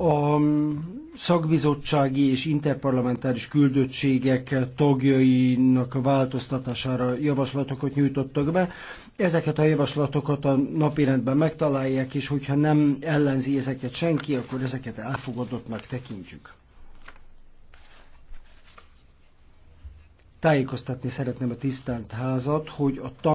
a szakbizottsági és interparlamentáris küldöttségek tagjainak változtatására javaslatokat nyújtottak be. Ezeket a javaslatokat a napirendben megtalálják, és hogyha nem ellenzi ezeket senki, akkor ezeket elfogadottnak tekintjük. Tájékoztatni szeretném a tisztelt házat, hogy a